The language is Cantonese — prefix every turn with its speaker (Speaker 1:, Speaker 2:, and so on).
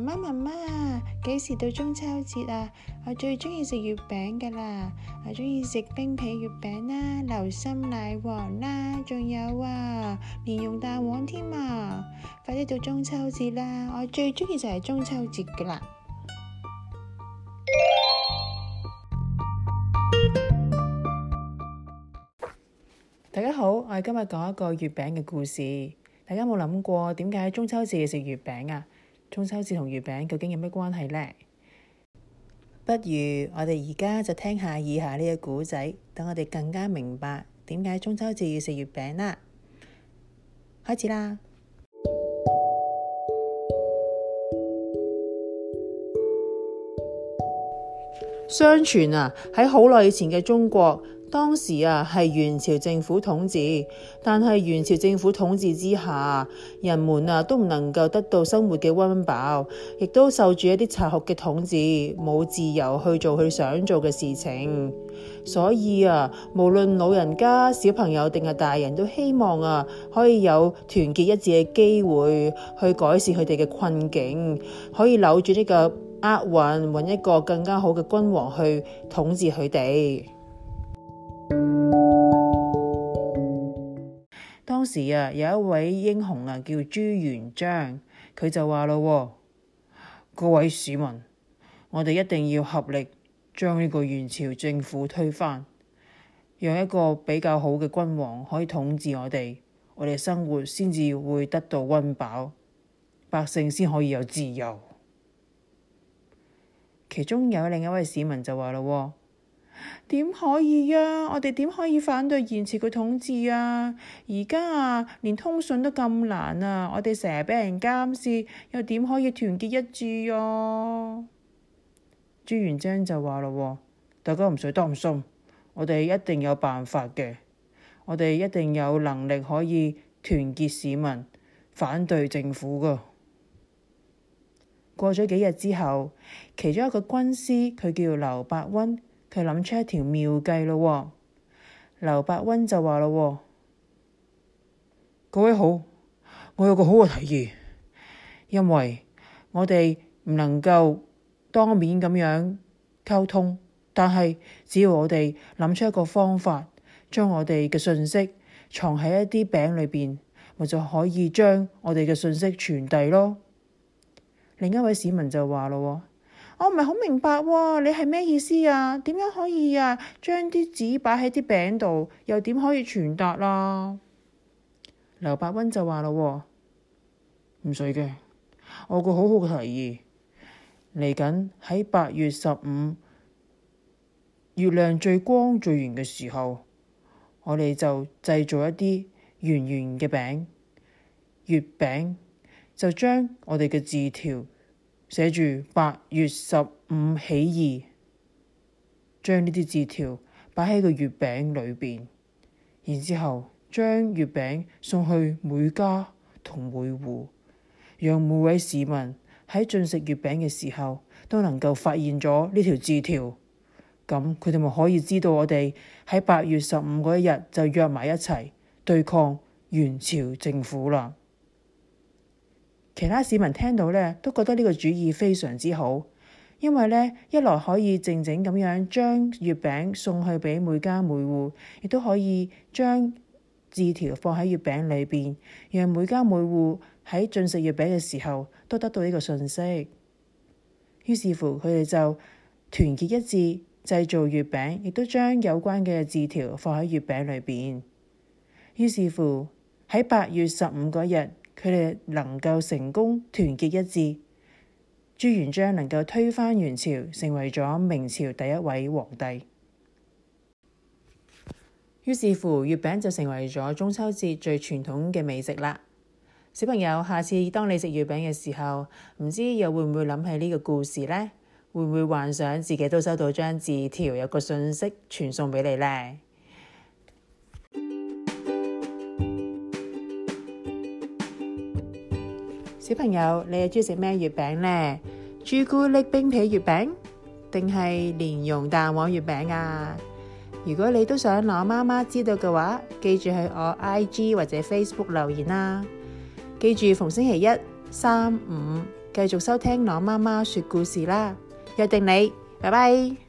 Speaker 1: 媽媽媽媽，幾時到中秋節啊？我最鍾意食月餅噶啦，我鍾意食冰皮月餅啦、流心奶黃啦，仲有啊蓮蓉蛋黃添啊！快啲到中秋節啦，我最鍾意就係中秋節噶啦。大家好，我哋今日講一個月餅嘅故事。大家冇諗過點解中秋節要食月餅啊？中秋節同月餅究竟有咩關係呢？不如我哋而家就聽下以下呢個故仔，等我哋更加明白點解中秋節要食月餅啦。開始啦！相傳啊，喺好耐以前嘅中國。當時啊，係元朝政府統治，但係元朝政府統治之下，人們啊都唔能夠得到生活嘅溫飽，亦都受住一啲殘酷嘅統治，冇自由去做佢想做嘅事情。所以啊，無論老人家、小朋友定係大人都希望啊可以有團結一致嘅機會去改善佢哋嘅困境，可以扭住呢個厄運，搵一個更加好嘅君王去統治佢哋。時啊，有一位英雄啊叫朱元璋，佢就話咯：各位市民，我哋一定要合力將呢個元朝政府推翻，讓一個比較好嘅君王可以統治我哋，我哋生活先至會得到温飽，百姓先可以有自由。其中有另一位市民就話咯：點可以呀、啊？我哋點可以反對延遲佢統治啊？而家啊，連通訊都咁難啊，我哋成日俾人監視，又點可以團結一致呀、啊？朱元璋就話咯，大家唔使擔心，我哋一定有辦法嘅，我哋一定有能力可以團結市民反對政府㗎。過咗幾日之後，其中一個軍師，佢叫劉伯溫。佢諗出一條妙計咯，劉伯温就話咯：各位好，我有個好嘅提議，因為我哋唔能夠當面咁樣溝通，但係只要我哋諗出一個方法，將我哋嘅信息藏喺一啲餅裏邊，咪就可以將我哋嘅信息傳遞咯。另一位市民就話咯。我唔係好明白喎。哦，你係咩意思啊？點樣可以啊？將啲紙擺喺啲餅度，又點可以傳達啦？劉伯温就話咯，哦，唔使嘅，我個好好嘅提議，嚟緊喺八月十五月亮最光最圓嘅時候，我哋就製造一啲圓圓嘅餅，月餅，就將我哋嘅字條，寫住八月十五起義，將呢啲字條擺喺個月餅裏邊，然之後將月餅送去每家同每戶，讓每位市民喺進食月餅嘅時候都能夠發現咗呢條字條。咁佢哋咪可以知道我哋喺八月十五嗰一日就約埋一齊對抗元朝政府啦。其他市民聽到呢，都覺得呢個主意非常之好，因為呢一來可以靜靜咁樣將月餅送去俾每家每戶，亦都可以將字條放喺月餅裏邊，讓每家每戶喺進食月餅嘅時候都得到呢個訊息。於是乎，佢哋就團結一致製造月餅，亦都將有關嘅字條放喺月餅裏邊。於是乎喺八月十五嗰日，佢哋能夠成功團結一致，朱元璋能夠推翻元朝，成為咗明朝第一位皇帝。於是乎，月餅就成為咗中秋節最傳統嘅美食啦。小朋友，下次當你食月餅嘅時候，唔知又會唔會諗起呢個故事呢？會唔會幻想自己都收到張字條，有個信息傳送畀你呢？小朋友，你又中意食咩月餅呢？朱古力冰皮月餅定係蓮蓉蛋黃月餅啊？如果你都想攞媽媽知道嘅話，記住喺我 IG 或者 Facebook 留言啦。記住逢星期一、三、五繼續收聽攞媽媽說故事啦。約定你，拜拜。